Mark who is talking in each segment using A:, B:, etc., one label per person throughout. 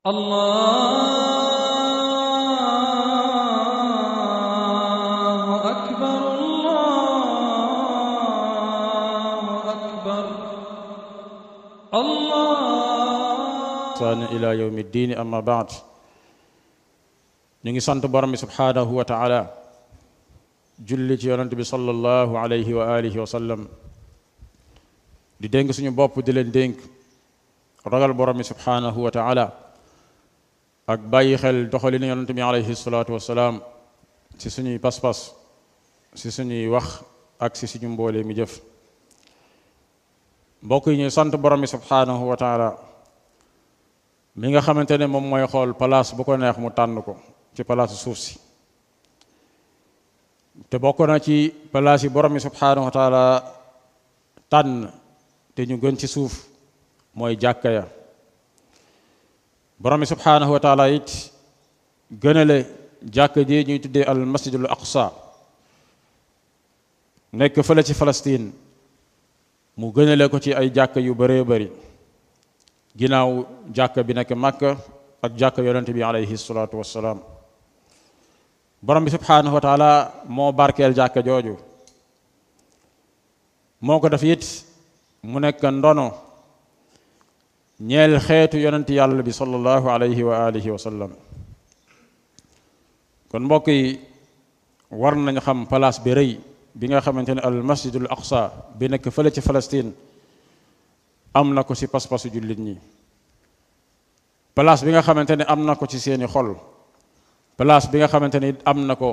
A: الله أكبر الله أكبر الله سان إلى يوم الدين أما بعد ñu ngi sant borom bi subhaanahu wa taala julli ci yonent bi sallallahu alayhi wa alihi wa sallam di dénk suñu bopp di leen dénk ragal borom bi subhaanahu wa taala ak bàyyi xel doxalin yonent bi alayhi salaatu wasalaam ci suñuy pas-pas ci suñuy wax ak ci suñu mboolee mi jëf mbokk yi ñu sant borom bi subhaanahu wa taala mi nga xamante ne moom mooy xool place bu ko neex mu tànn ko ci place suuf si te bokk na ci place yi borom bi subhaanahu wa taala tànn te ñu gën ci suuf mooy jàkka ya borom bi subhaanahu wa taala it gënale jàkk ji ñuy tuddee al masjidul aqsa nekk fële ci Palestine mu gënale ko ci ay jàkk yu bëree bëri ginnaaw jàkk bi nekk Màkka ak jàkk yonente bi aleyhi salaatu wassalaam borom bi subhaanahu wa moo barkeel jàkk jooju moo ko def it mu nekk ndono ñeel xeetu yonent yàlla bi sallallahu alayhi wa alihi wa sallam kon mbokk yi war nañ xam place bi rey bi nga xamante ne al masjidul aqsa bi nekk fële ci Palestine am na ko ci pas-pasu jullit ñi place bi nga xamante ne am na ko ci seeni xol place bi nga xamante ne am na ko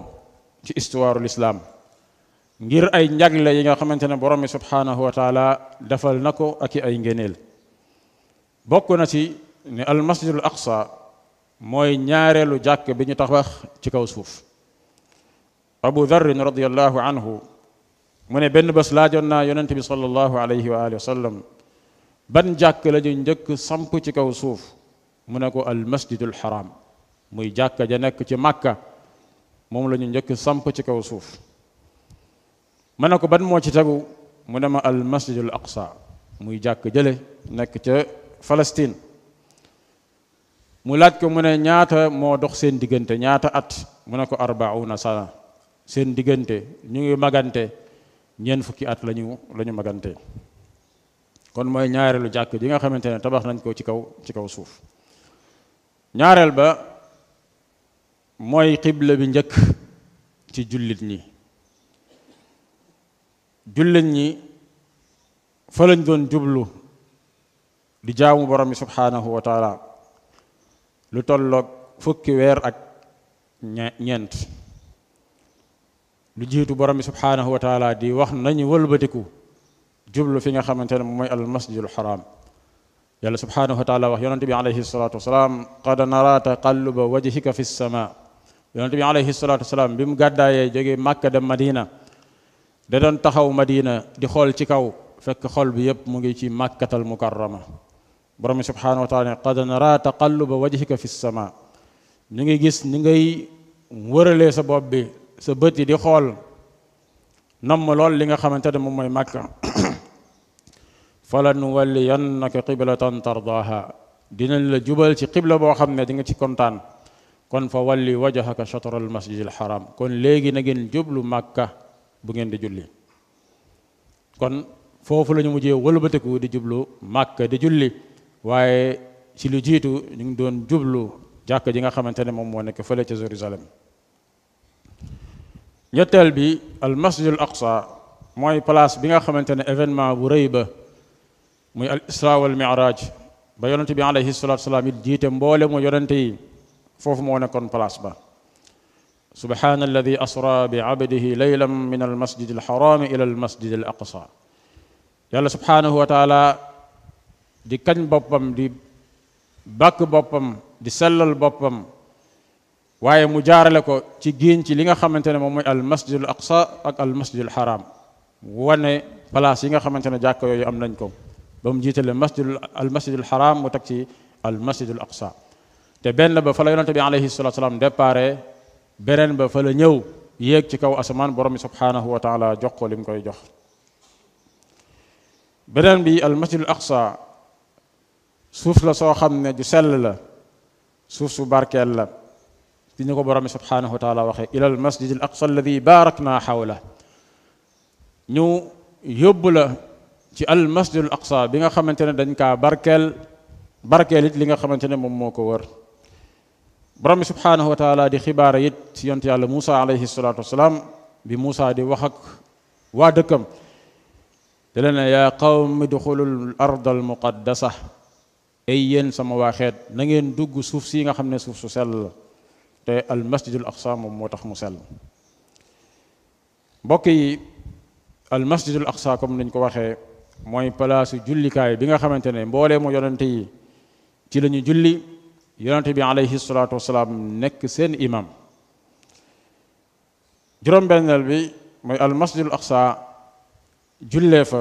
A: ci histoire l'islam ngir ay njagle yi nga xamante ne borom mi subhanahu wa taala defal na ko ak i ay ngéneel bokk na ci ne al masjidul aqsa mooy ñaareelu jàkk bi ñu tabax ci kaw suuf abu darrin radiallahu anhu mu ne benn bés laajoon naa yonente bi salallahu alayhi wa alihi wa sallam ban jàkk la ñu njëkk samp ci kaw suuf mu ne ko al masjidul haram muy jàkka ja nekk ci màkka moom la ñu njëkk samp ci kaw suuf ma ne ko ban moo ci tegu mu ne ma al masjidul aqsa muy jàkk jële nekk ca Palestine mu laaj ko mu ne ñaata moo dox seen diggante ñaata at mu ne ko arbauna sana seen diggante ñu ngi magante ñeent fukki at lañu la ñu magante kon mooy ñaareelu jàkk ji nga xamante ne tabax nañ ko ci kaw ci kaw suuf ñaareel ba mooy xible bi njëkk ci jullit ñi jullit ñi falañ doon jublu di jaamu borom bi subhaanahu wa taala lu tolloog fukki weer ak ñeent lu jiitu borom bi subhaanahu wa di wax nañu wëlbatiku jublu fi nga xamante ne mooy al masjidul haram yàlla subhaanahu wa taala wax yonente bi alayhi salatu wasalaam qad nara taqalluba i fi sama yonente bi alayhi salatu wasalaam bi mu gàddaayee jóge màkka dem madina da doon taxaw madina di xool ci kaw fekk xool bi yépp mu ngi ci màkkatal mukarrama borom subhanahu wa taala ne qad nara taqalluba wajhika fi sama ñu ngi gis ni ngay wëralee sa bopp bi sa bët yi di xool namm lool li nga xamante ne moom mooy màkka falan walliyannaka qiblatan tardaha dinañ la jubal ci qibla boo xam ne di nga ci kontaan kon fa walli wajhaka shatr al masjid al haram kon léegi na ngeen jublu màkka bu ngeen di julli kon foofu la ñu mujjee wëlbatiku di jublu màkka di julli waaye ci lu jiitu ñu ngi doon jublu jàkk ji nga xamante ne moom moo nekk fële ca Jérusalem ñetteel bi al masjidul aqsa mooy place bi nga xamante ne événement bu rëy ba muy al isra wal miraaj bi alayhi salatu wasalaam it jiite mboole mu yonente yi foofu moo nekkoon place ba subhana alladi asra bi abdihi laylan min al masjid al haram ila al masjid al aqsa yàlla subhanahu wa taala di kañ boppam di bàkk boppam di sellal boppam waaye mu jaarale ko ci giiñ ci li nga xamante ne moom mooy al masjidul aqsa ak al masjidul haram wane place yi nga xamante ne jàkk yooyu am nañ ko ba mu jiitale masjidul al masjidul haram mu teg ci al masjidul aqsa te benn ba fa la bi alayhi salatu salaam dépare beneen ba fa ñëw yéeg ci kaw asamaan borom bi subhanahu wa taala jox ko li mu koy jox beneen bi al masjidul suuf la soo xam ne ju sell la suuf su barkeel la di ko borom bi subhanahu wa taala waxee ila al masjid al aqsa alladi barakna xawla ñu yóbbu la ci al masjid al aqsa bi nga xamante ne dañ kaa barkeel barkeel it li nga xamante ne moom moo ko war borom bi subhanahu di xibaar it ci yont yàlla Muusa alayhi salaatu wasalaam bi Muusa di wax ak waa dëkkam da leen ne yaa qawm idxulu al ard ay yéen sama waxeet nangeen dugg suuf si nga xam ne suuf su sell la te al masjidul moom moo tax mu sell mbokk yi al masjidul aqsa comme nañ ko waxee mooy palaasu jullikaay bi nga xamante ne mboolee mu yonante yi ci la julli yonante bi alayhi salaatu wasalaam nekk seen imam juróom-benneel bi mooy al masjidul jullee fa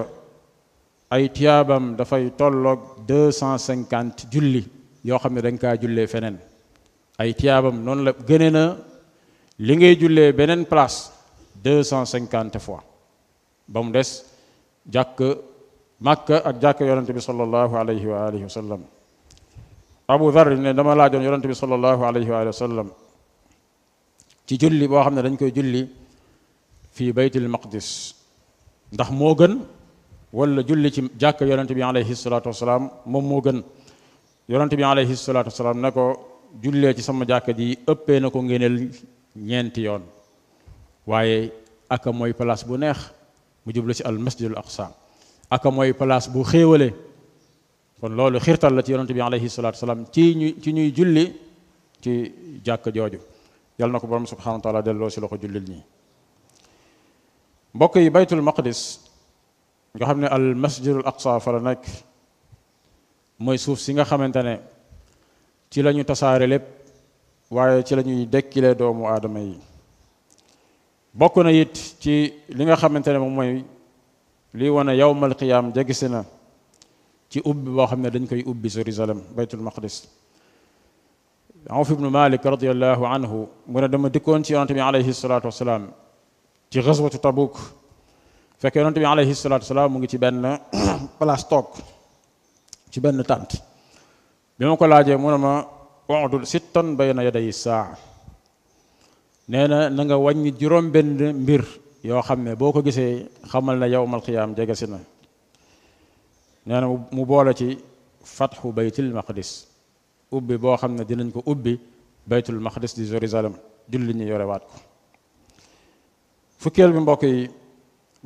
A: ay tiyaabam dafay tolloog deux cent cinquante julli yoo xam ne dañ kaa jullee feneen ay tiyaabam noonu la gëne na li ngay jullee beneen place deux cent cinquante fois ba mu des jàkk màkka ak jàkk yonente bi sallallahu alayhi wa alihi wa sallam abu dhar ne dama laajoon yonente bi sallallahu alayhi wa alihi wa sallam ci julli boo xam ne dañ koy julli fii baytil maqdis ndax moo gën wala julli ci jàkk yonente bi alayhi salatu wasalaam moom moo gën yonente bi alayhi salatu wasalaam ne ko jullee ci sama jàkk ji ëppee na ko ngeeneel ñeenti yoon waaye aka mooy place bu neex mu jublu ci al masjidul aqsa aka mooy place bu xéewale kon loolu xiirtal la ci yonente bi alayhi salatu wasalaam ci ñu ci ñuy julli ci jàkk jooju yàlla na ko borom subhanahu wa delloo si loxo jullil ñi mbokk yi baytul maqdis nga xam ne al masjidul aqsa fa la nekk mooy suuf si nga xamante ne ci la ñu tasaare lépp waaye ci la ñuy dekkile doomu aadama yi bokk na it ci li nga xamante ne moom mooy lii wane yawmal qiyaam jegisi na ci ubbi boo xam ne dañ koy ubbi Jérusalem baytul maqdis Awf ibnu Malik radiallahu anhu mu ne dama dikkoon ci yonante bi alayhi salaatu wasalaam ci xaswatu Tabuk fekk yonent bi alayhi salaatu salaam mu ngi ci benn place ci benn tànt bi ma ko laajee mu ne ma udul sittan bayna yaday saa nee na na nga wàññi juróom benn mbir yoo xam ne boo ko gisee xamal na yowmal qiyaam jege si na nee na mu boole ci fatxu baytil maqdis ubbi boo xam ne dinañ ko ubbi baytul maqdis di Jérusalem julli ñi yorewaat ko fukkeel bi mbokk yi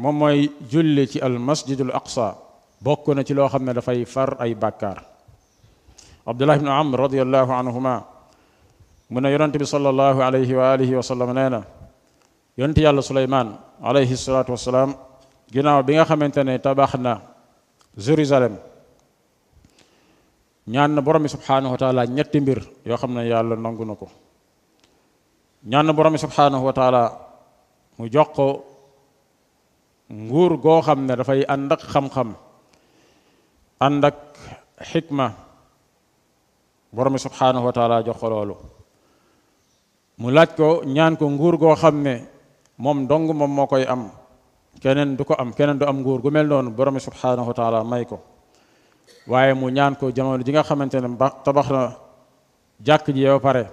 A: moom mooy julli ci al masjidul aqsa bokk na ci loo xam ne dafay far ay bàkkaar abdullah ibnu amr radiallahu anhuma mu ne yonente bi salallahu alayhi wa alihi nee na yonent yàlla suleymaan alayhi salatu wasalaam ginnaaw bi nga xamante ne tabax na jérusalem ñaan na borom bi subhanahu wa taala ñetti mbir yoo xam ne yàlla nangu ko ñaan borom bi subhanahu mu jox ko nguur goo xam ne dafay ànd ak xam-xam ànd ak xikma borom bi jox ko loolu mu laaj ko ñaan ko nguur goo xam ne moom dong moom moo koy am keneen du ko am keneen du am nguur gu mel noonu borom bi subhaanahu wa taala may ko waaye mu ñaan ko jamono ji nga xamante ne ba tabax na jàkk ji ba pare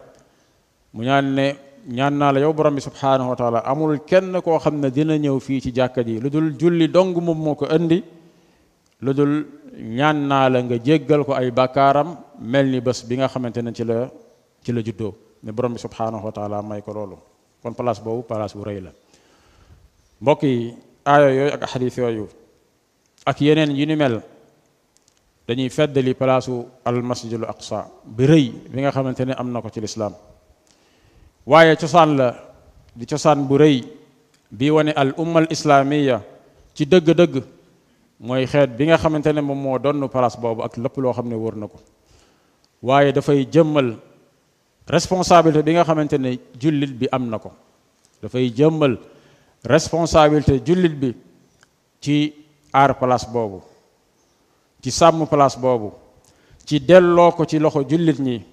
A: mu ñaan ne ñaan naa la yow borom bi subhaanahu wa taala amul kenn koo xam ne dina ñëw fii ci jàkka ji lu dul julli dong moom moo ko indi lu dul ñaan naa la nga jéggal ko ay bakkaaram mel ni bés bi nga xamante ne ci la ci la juddoo ne borom bi subhaanahu wa taala may ko loolu kon place boobu place bu rëy la mbokk yi aaya yooyu ak xadiis yooyu ak yeneen yu ni mel dañuy feddali palaasu al masjidul aqsa bi rëy bi nga xamante ne am na ko ci lislaam waaye cosaan la di cosaan bu rëy bi wane al umma al ci dëgg-dëgg mooy xeet bi nga xamante ne moom moo donn place boobu ak lépp loo xam ne wër na ko waaye dafay jëmmal responsabilité bi nga xamante ne jullit bi am na ko dafay jëmmal responsabilité jullit bi ci aar place boobu ci sàmm place boobu ci delloo ko ci loxo jullit ñi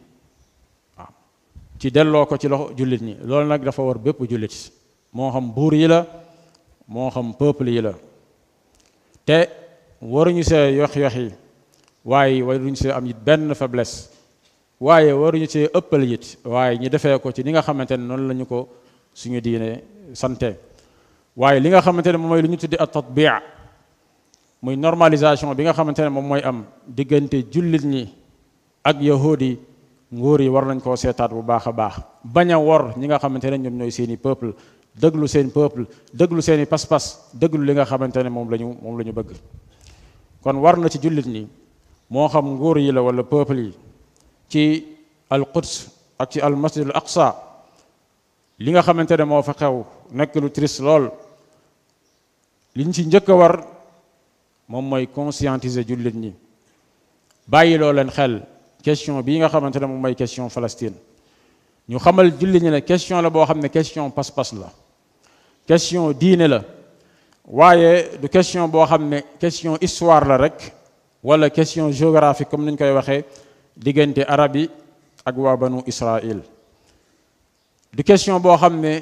A: ci delloo ko ci loxo jullit ñi loolu nag dafa war bépp jullit moo xam buur yi la moo xam peuple yi la te waruñu see yox-yox yi waaye waruñu see am it benn faiblesse waaye waruñu see ëppal it waaye ñu defee ko ci li nga xamante ne noonu lañu ko suñu diine santé waaye li nga xamante ne moom mooy lu ñu tuddi at tatbiya muy normalisation bi nga xamante ne moom mooy am diggante jullit ñi ak yahudi nguur yi war nañ koo seetaat bu baax a baax bañ a wor ñi nga xamante ne ñoom ñooy seeni peuple dëglu seen peuple dëglu seeni pas-pas dëglu li nga xamante ne moom la ñu moom la ñu bëgg kon war na ci jullit ñi moo xam nguur yi la wala peuple yi ci al quds ak ci al masjid al aqsa li nga xamante ne moo fa xew nekk lu triste lool liñ ci njëkk a war moom mooy conscientiser jullit ñi bàyyiloo leen xel question bii nga xamante ne moom mooy question Palestine ñu xamal julli ñi ne question la boo xam ne question pas-pas la question diine la waaye du question boo xam ne question histoire la rek wala question géographique comme niñ koy waxee diggante arab yi ak waa banu Israël du question boo xam ne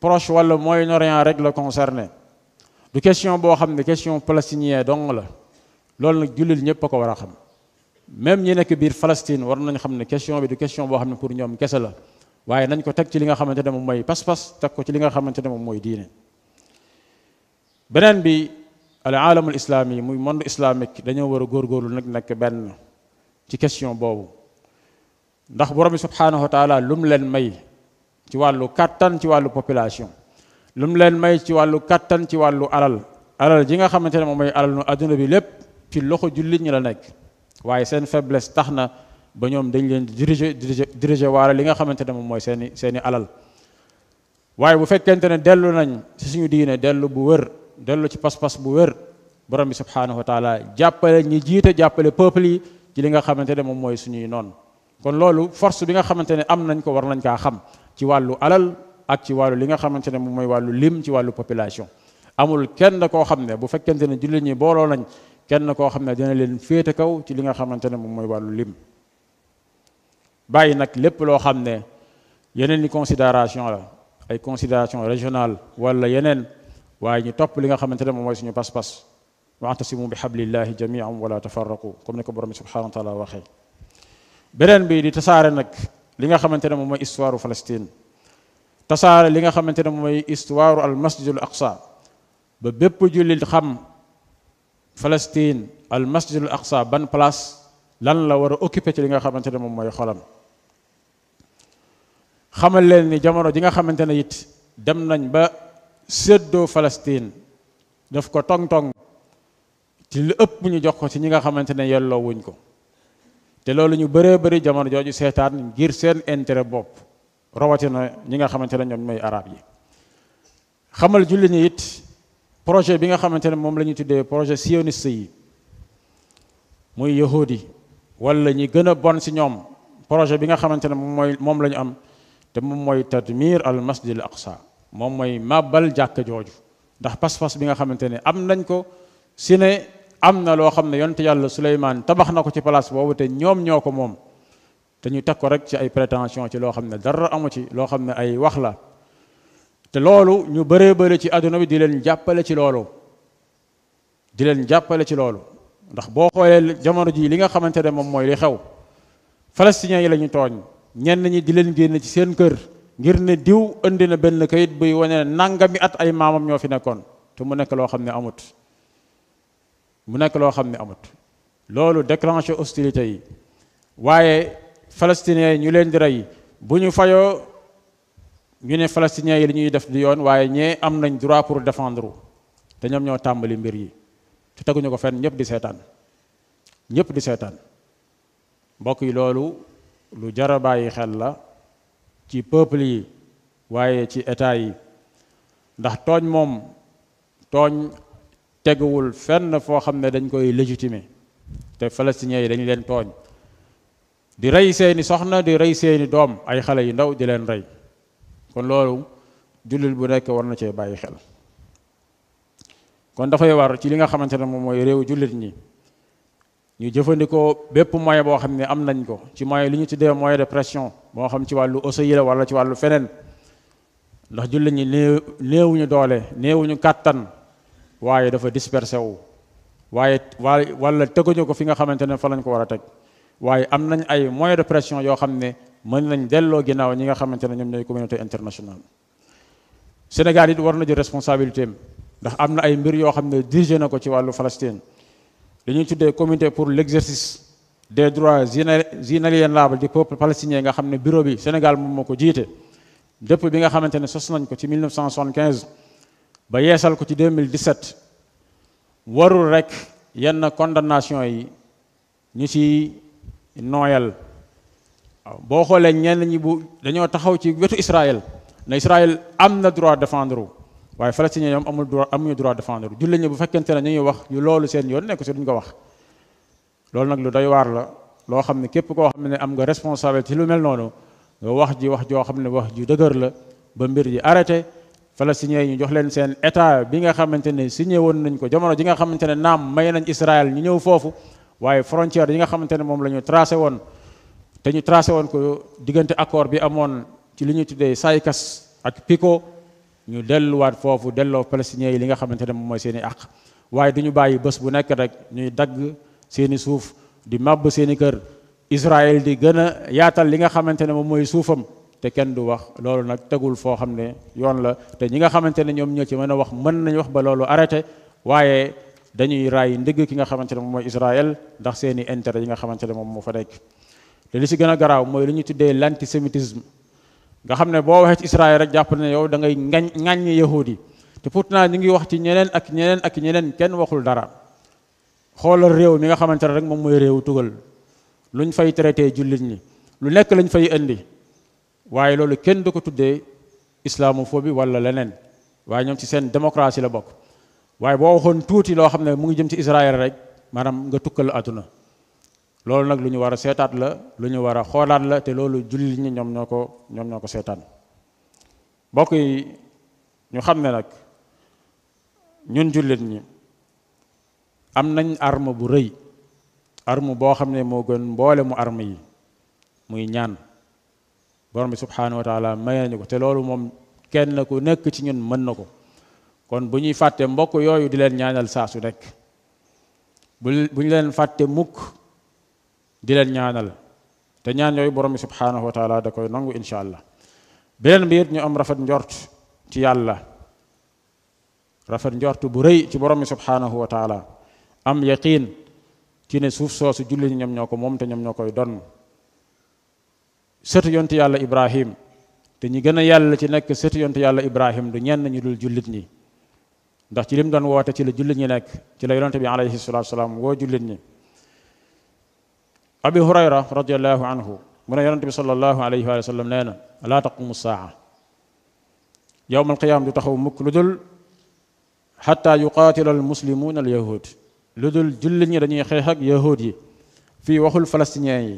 A: proche wala Moyen-Orient rek la concerné du question boo xam ne question palestinien donc la loolu nag jullit ñëpp a ko war a xam même ñi nekk biir Palestine war nañ xam ne question bi du question boo xam ne pour ñoom kese la waaye nañ ko teg ci li nga xamante ne moom mooy pas-pas teg ko ci li nga xamante ne moom mooy diine beneen bi al aalamul islaami muy monde islamique dañoo war a góorgóorlu nag nekk benn ci question boobu ndax borom bi subhaanahu wa taala lu mu leen may ci wàllu kàttan ci wàllu population lu leen may ci wàllu kàttan ci wàllu alal alal ji nga xamante ne moom mooy alal nu adduna bi lépp ci loxo jullit ñi la nekk waaye seen faiblesse tax na ba ñoom dañ leen di diriger diriger diriger waale li nga xamante ne moom mooy seeni seeni alal waaye bu fekkente ne dellu nañ ci suñu diine dellu bu wër dellu ci pas-pas bu wër borom bi subhanahu wa taala jàppale ñi jiite jàppale peuple yi ci li nga xamante ne moom mooy suñuy noonu kon loolu force bi nga xamante ne am nañ ko war nañ kaa xam ci wàllu alal ak ci wàllu li nga xamante ne moom mooy wàllu lim ci wàllu population amul kenn koo xam ne bu fekkente ne jullit ñi booloo nañ kenn koo xam ne dina leen féete kaw ci li nga xamante ne moom mooy wàllu lim bàyyi nag lépp loo xam ne yeneen i considération la ay considération régional wala yeneen waaye ñu topp li nga xamante ne moom mooy suñu pas-pas wa'tasimu bi hablillahi jami'an wala tafarraqu comme ni ko borom bi subhanahu wa taala waxee beneen bi di tasaare nag li nga xamante ne moom mooy histoire Palestine tasaare li nga xamante ne moom mooy histoire al masjidul aqsa ba bépp jullit xam Palestine al masjidul aqsa ban place lan la war a occupé ci li nga xamante ne moom mooy xolam xamal leen ni jamono ji nga xamante ne it dem nañ ba séddoo Palestine daf ko tong-tong ci lu ëpp ñu jox ko ci ñi nga xamante ne yelloo wuñ ko te loolu ñu bëree bëri jamono jooju seetaan ngir seen intérêt bopp rawatina ñi nga xamante ne ñoom ñooy arab yi xamal julli ñi it projet bi nga xamante ne moom la ñu tuddee projet sioniste yi muy yahudi wala ñi gën a bon si ñoom projet bi nga xamante ne moom mooy moom la ñu am te moom mooy tadmir al masjid al aqsa moom mooy màbbal jàkk jooju ndax pas-pas bi nga xamante ne am nañ ko si ne am na loo xam ne yonte yàlla Suleymaan tabax na ko ci place boobu te ñoom ñoo ko moom te ñu teg ko rek ci ay prétention ci loo xam ne dara amu ci loo xam ne ay wax la te loolu ñu bëree bëri ci àdduna bi di leen jàppale ci loolu di leen jàppale ci loolu ndax boo xoolee jamono ji li nga xamante ne moom mooy li xew palestiniens yi la ñu tooñ ñenn ñi di leen génn ci seen kër ngir ne diw indi na benn kayit buy wane nangami at ay maamam ñoo fi nekkoon te mu nekk loo xam ne amut mu nekk loo xam ne amut loolu déclenché hostilité yi waaye palestiniens yi ñu leen di rey bu ñu fayoo ñu ne palestiniens yi li ñuy def di yoon waaye ñee am nañ droit pour défendre te ñoom ñoo tàmbali mbir yi te teguñu ko fenn ñëpp di seetaan ñëpp di seetaan mbokk yi loolu lu jara bàyyi xel la ci peuple yi waaye ci état yi ndax tooñ moom tooñ teguwul fenn foo xam ne dañ koy légitimer te palestiniens yi dañ leen tooñ di rey seeni soxna di rey seeni doom ay xale yu ndaw di leen rey kon loolu jullit bu nekk war na cee bàyyi xel kon dafay war ci li nga xamante ne moom mooy réew jullit ñi ñu jëfandikoo bépp moyen boo xam ne am nañ ko ci moyen li ñu tuddee moyen de pression moo xam ci wàllu OCI la wala ci wàllu feneen ndax jullit ñi néew néewuñu doole néewuñu kàttan waaye dafa dispersé wu waaye waaye wala teguñu ko fi nga xamante ne fa lañ ko war a teg waaye am nañ ay moyen de pression yoo xam ne mën nañ delloo ginnaaw ñi nga xamante ne ñoom ñooy communauté internationale Sénégal it war na jël responsabilité am ndax am na ay mbir yoo xam ne dirigé na ko ci wàllu Palestine li ñuy tuddee comité pour l'exercice des droits inaliénables du peuple palestinien nga xam ne bureau bi Sénégal moom ma ko jiite dëpp bi nga xamante ne sos nañ ko ci 1975 ba yeesal ko ci 2017 warul rek yenn condamnation yi ñu ci nooyal waaw boo xoolee ñenn ñi bu dañoo taxaw ci wetu Israël na Israël am na droit défendre waaye Palestiniens ñoom amul am ñu droit défendre jullit ñi bu fekkente ne ñu ngi wax ñu loolu seen yoon nekk si duñ ko wax. loolu nag lu doy waar la loo xam ne képp koo xam ne am nga responsabilité ci lu mel noonu nga wax ji wax joo xam ne wax ju dëgër la ba mbir yi ji arrêté. Palestiniens ñu jox leen seen état bi nga xamante ne signé woon nañ ko jamono ji nga xamante ne naam may nañ Israël ñu ñëw foofu waaye frontière yi nga xamante ne moom la ñu tracé woon. te ñu tracé woon ko diggante accord bi amoon ci li ñuy tuddee SAICAS ak PICO ñu delluwaat foofu delloo palestiniens yi li nga xamante ne moom mooy seen àq waaye du ñu bàyyi bés bu nekk rek ñuy dagg seen i suuf di màbb seen i kër Israël di gën a yaatal li nga xamante ne moom mooy suufam te kenn du wax loolu nag tegul foo xam ne yoon la te ñi nga xamante ne ñoom ñoo ci mën a wax mën nañu wax ba loolu arrêté waaye dañuy raay ndigg ki nga xamante ne moom mooy Israël ndax seeni i yi nga xamante ne moom moo fa nekk te li si gën a garaaw mooy lu ñu tuddee l'antisémitisme nga xam ne boo waxee ci Israël rek jàpp na yow da ngay ngañ ŋàññi yahuud yi te pourtant ñu ngi wax ci ñeneen ak ñeneen ak ñeneen kenn waxul dara xoolal réew mi nga xamante ne rek moom mooy réewu tugal ñu fay traité jullit ñi lu nekk lañ fay indi waaye loolu kenn du ko tuddee islamophobie wala leneen waaye ñoom ci seen démocratie la bokk waaye boo waxoon tuuti loo xam ne mu ngi jëm ci Israël rek maanaam nga tukkal àdduna loolu nag lu ñu war a seetaat la lu ñu war a xoolaat la te loolu jullit ñi ñoom ñoo ko ñoom ñoo ko seetaan mbokk yi ñu xam ne nag ñun jullit ñi am nañ arm bu rëy arm boo xam ne moo gën mboole mu arme yi muy ñaan borom bi subhanahu wa taala maye nañu ko te loolu moom kenn ku nekk ci ñun mën na ko kon bu ñuy fàtte mbokk yooyu di leen ñaanal saa su nekk bu ñu leen fàtte mukk di leen ñaanal te ñaan yooyu borom bi subhaanahu wa taala da koy nangu incha allah beneen bi it ñu am rafet njort ci yàlla rafet njort bu rëy ci borom bi subhaanahu wa taala am yaqiin ci ne suuf soosu julli ñi ñoom ñoo ko moom te ñoom ñoo koy doon donn sëtu yontu yàlla ibrahim te ñi gën a yàlla ci nekk sëtu yontu yàlla ibrahim du ñenn ñu dul jullit ñi ndax ci lim doon woote ci la jullit ñi nekk ci la yonente bi alayhi salatu wasalaam woo jullit ñi abi hurayra radiallahu anhu mu ne yonente bi salallahu alayhi wa sallam nee na laa taqumu saa yowma alqiyaama du taxaw mukk lu dul xata yuqaatila almuslimuuna alyahud lu dul jullit ñi dañuy xeex ak yahud yi fii waxul palestiniens yi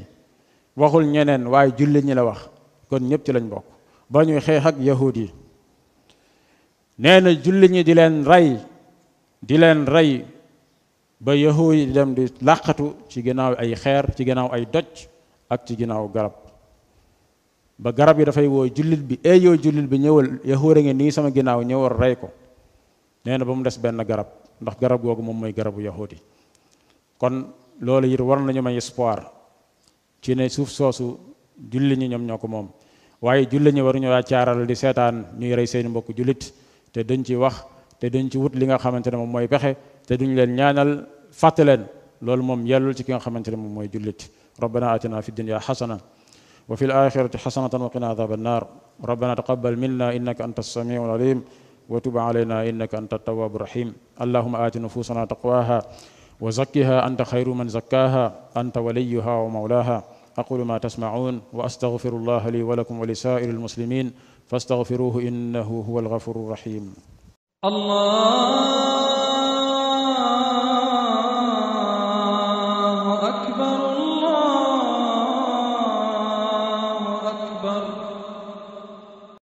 A: waxul ñeneen waaye jullit ñi la wax kon ñëpp ci lañ bokk ba ñuy xeex ak yahud yi nee na ñi di leen rey di leen rey ba yahuud yi dem di làqatu ci ginnaaw ay xeer ci ginnaaw ay doj ak ci ginnaaw garab ba garab yi dafay woo jullit bi ee yow jullit bi ñëwal yahuud a ngi nii sama ginnaaw ñëwal rey ko nee na ba mu des benn garab ndax garab googu moom mooy garabu yahuud yi kon loolu it war nañu may espoir ci ne suuf soosu julli ñi ñoom ñoo ko moom waaye julli ñi waruñu waa caaral di seetaan ñuy rey seen mbokk jullit te duñ ci wax te duñ ci wut li nga xamante ne moom mooy pexe fàtte leen loolu moom yellul ci ki nga xamante ne moom mooy jullit rabbana atina fi dunya xasana wa fi alaxirati xasanatan wa qina adab annar rabbana taqabal minna innaka anta alsamiu alalim wa tub alayna innaka anta altawabu rahim allahuma aati nufusana taqwaha wa zakkiha anta xayru man zakkaha anta waliyuha wa mawlaha aqulu ma tasmaun wa astaghfiru allah li wa lakum wa lisairi almuslimin fastaghfiruhu innahu huwa alghafuru rahim allah